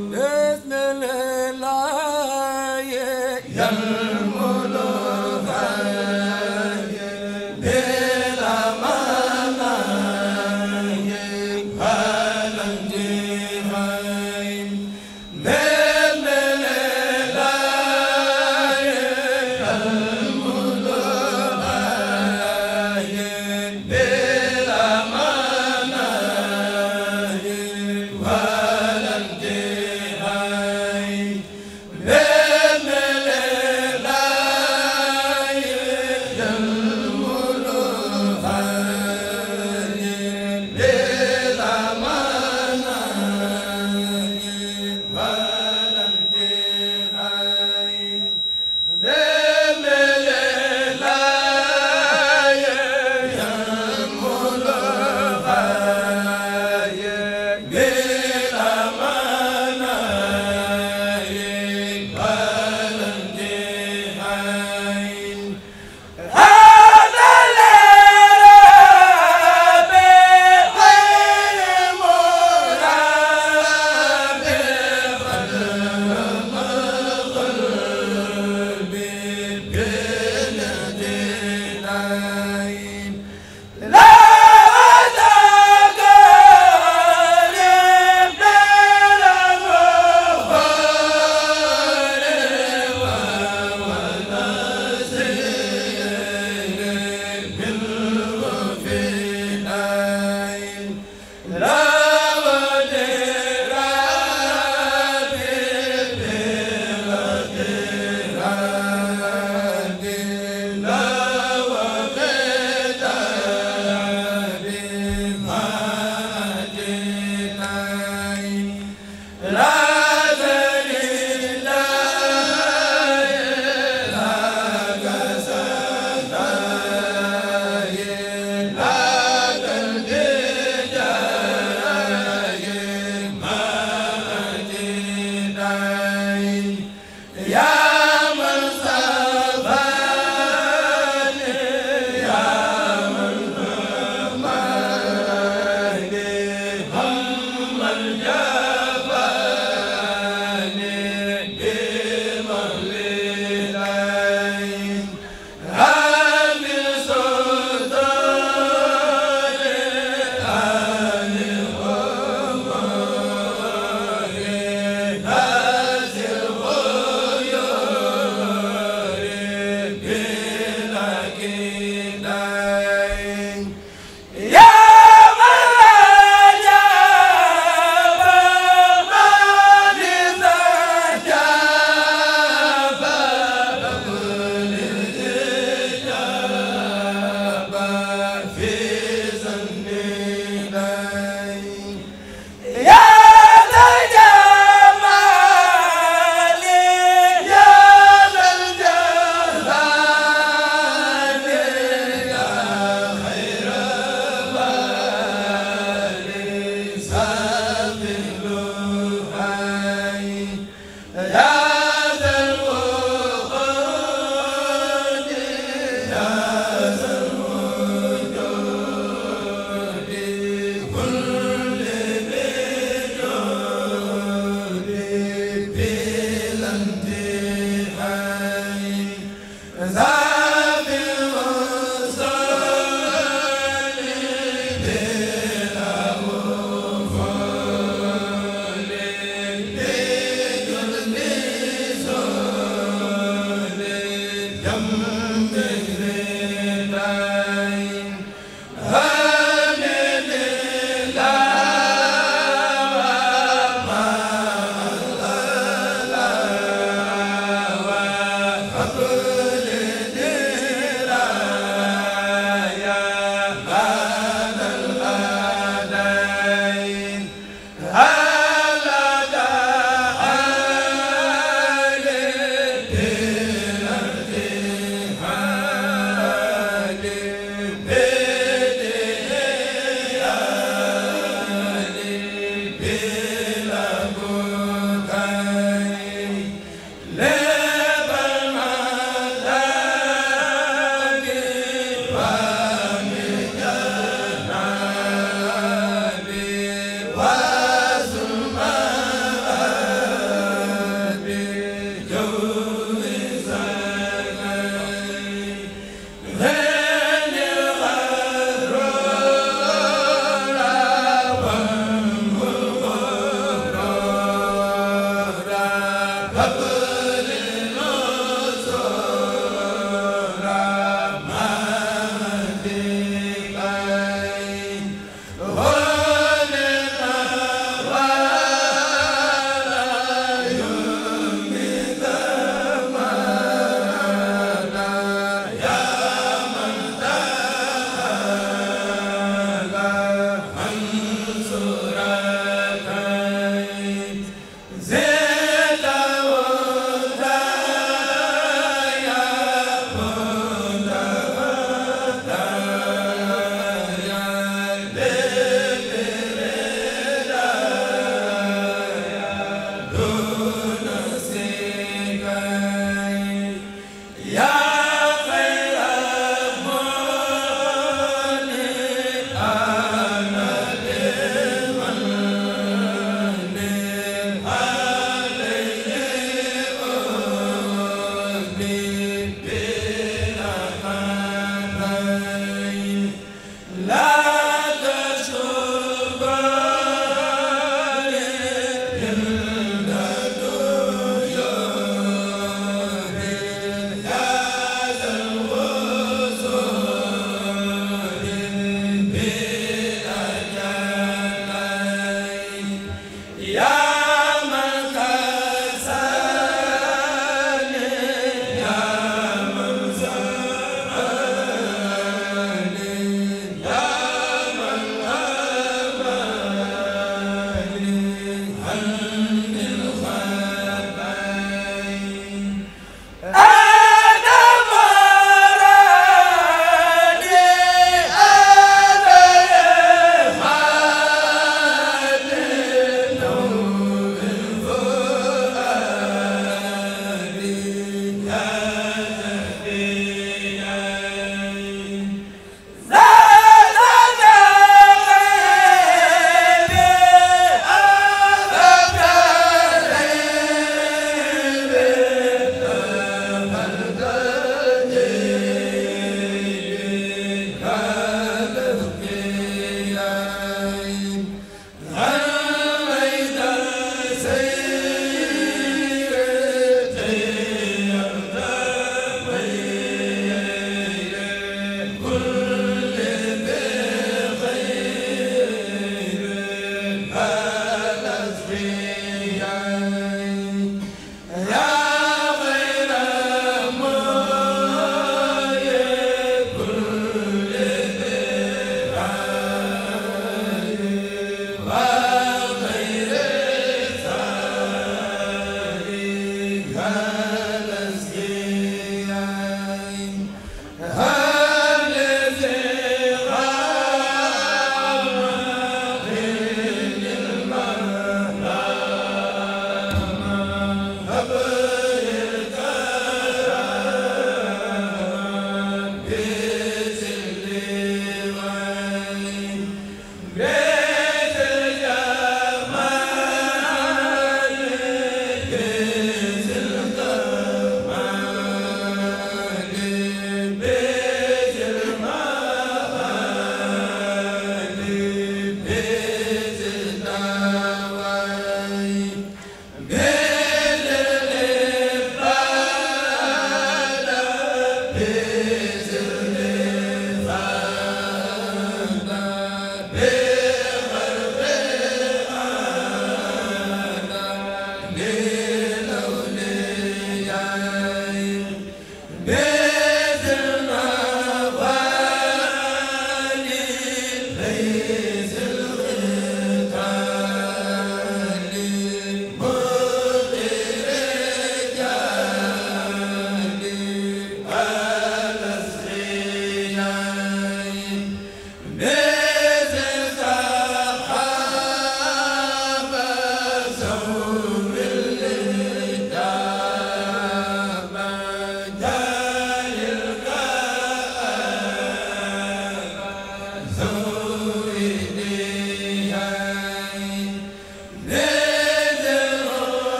la la la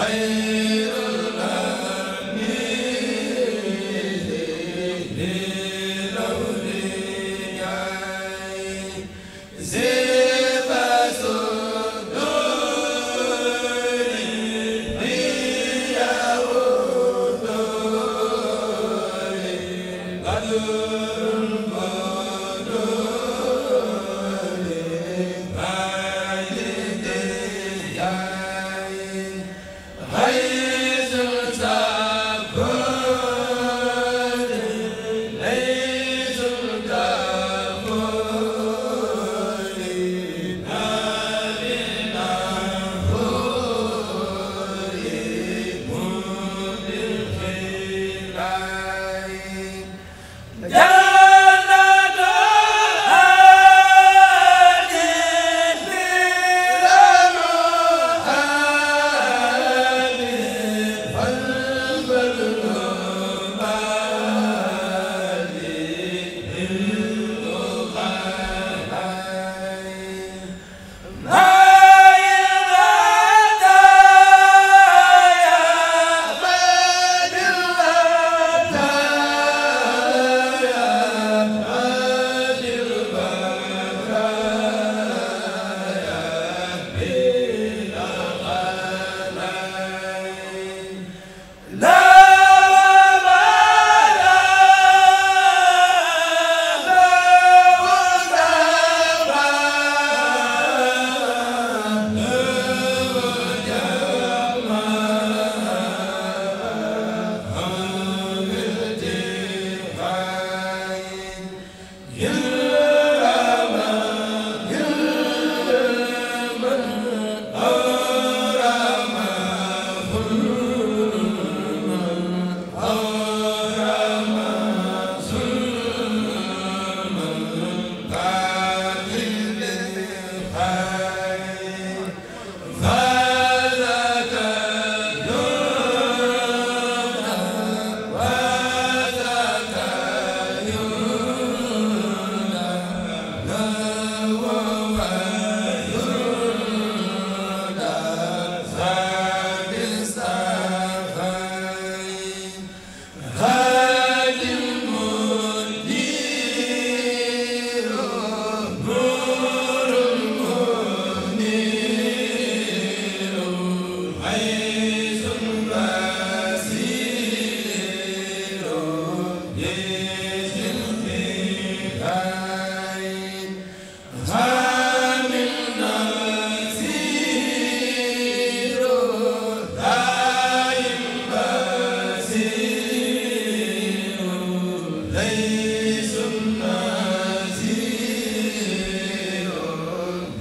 ay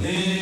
Amen.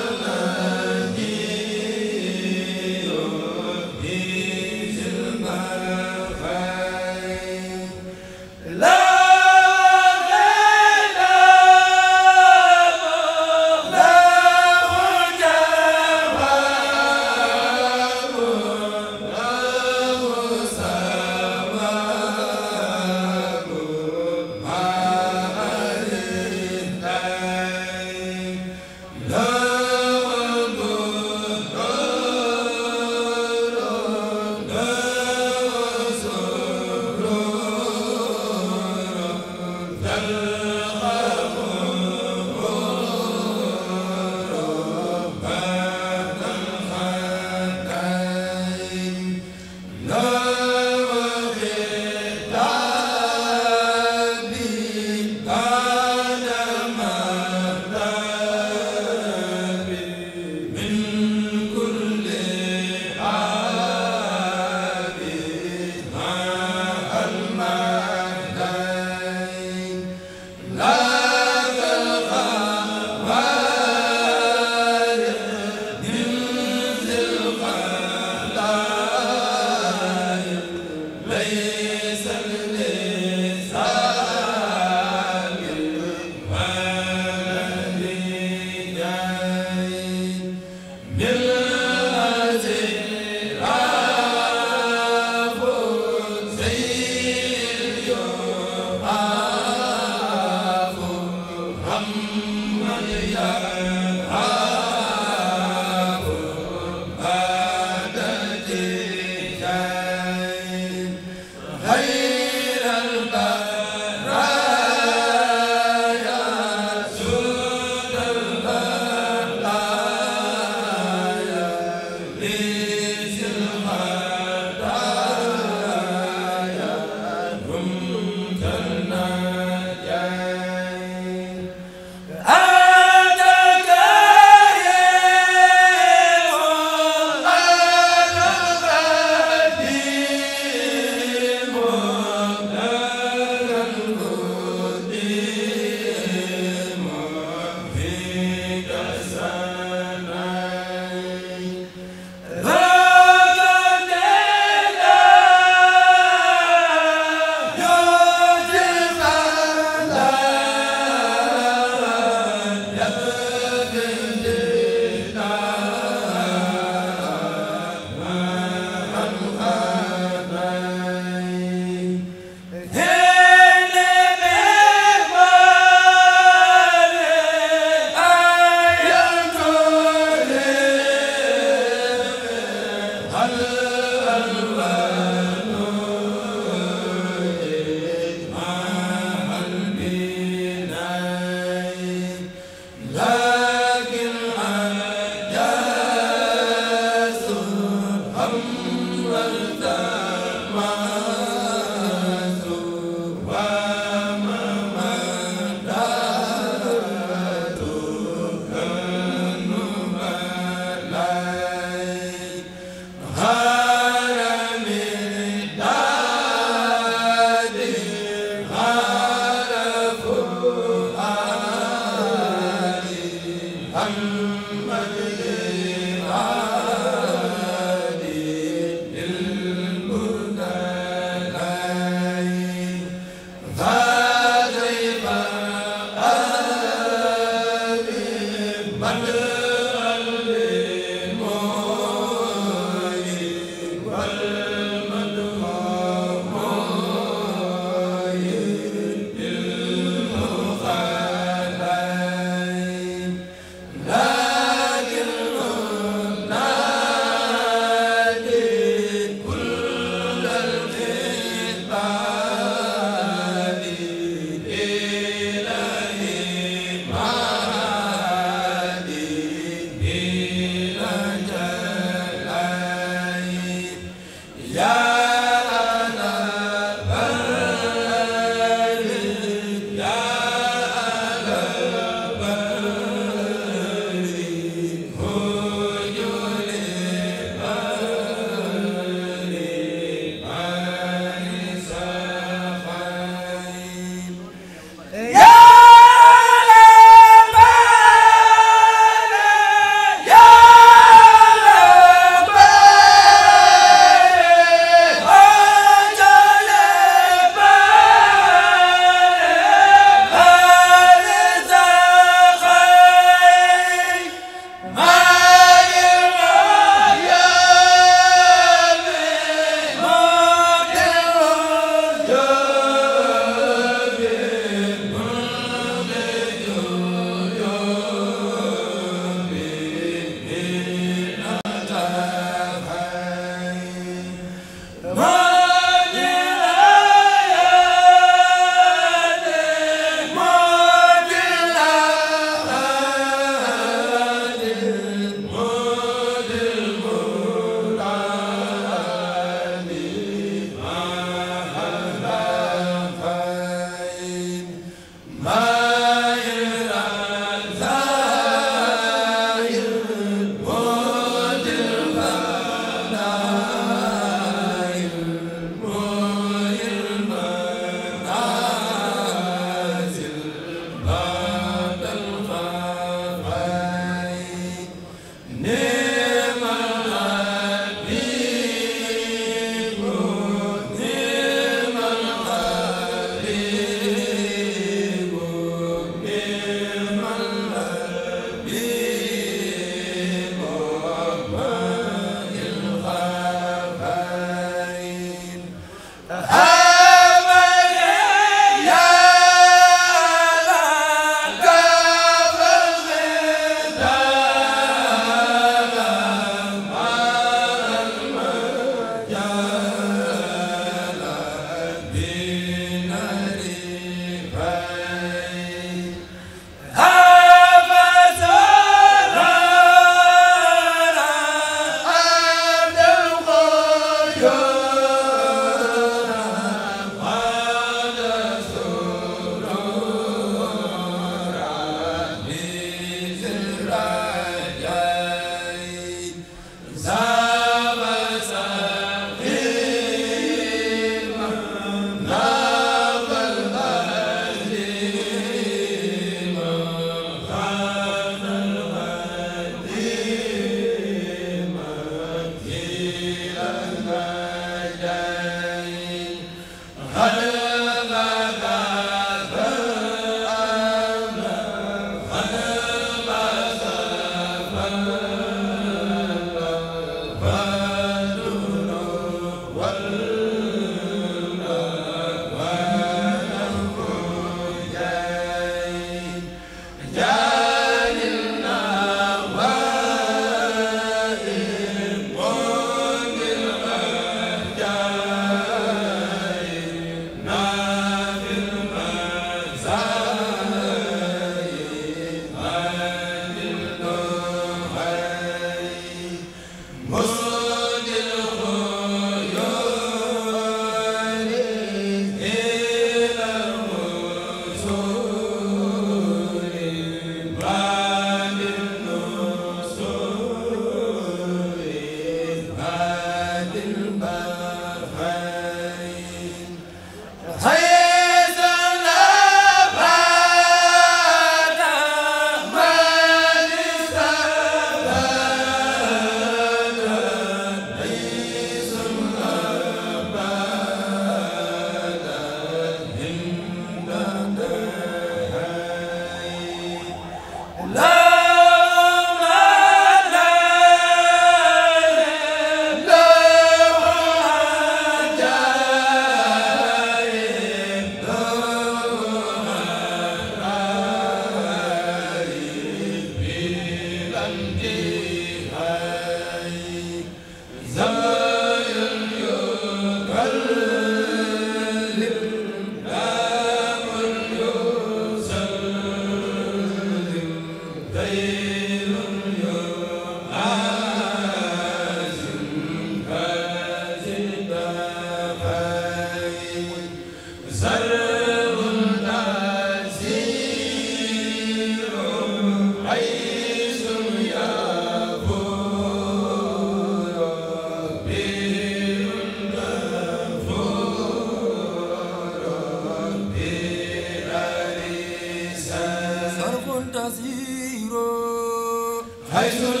Jesús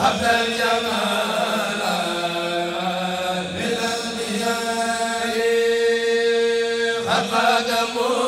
Abdal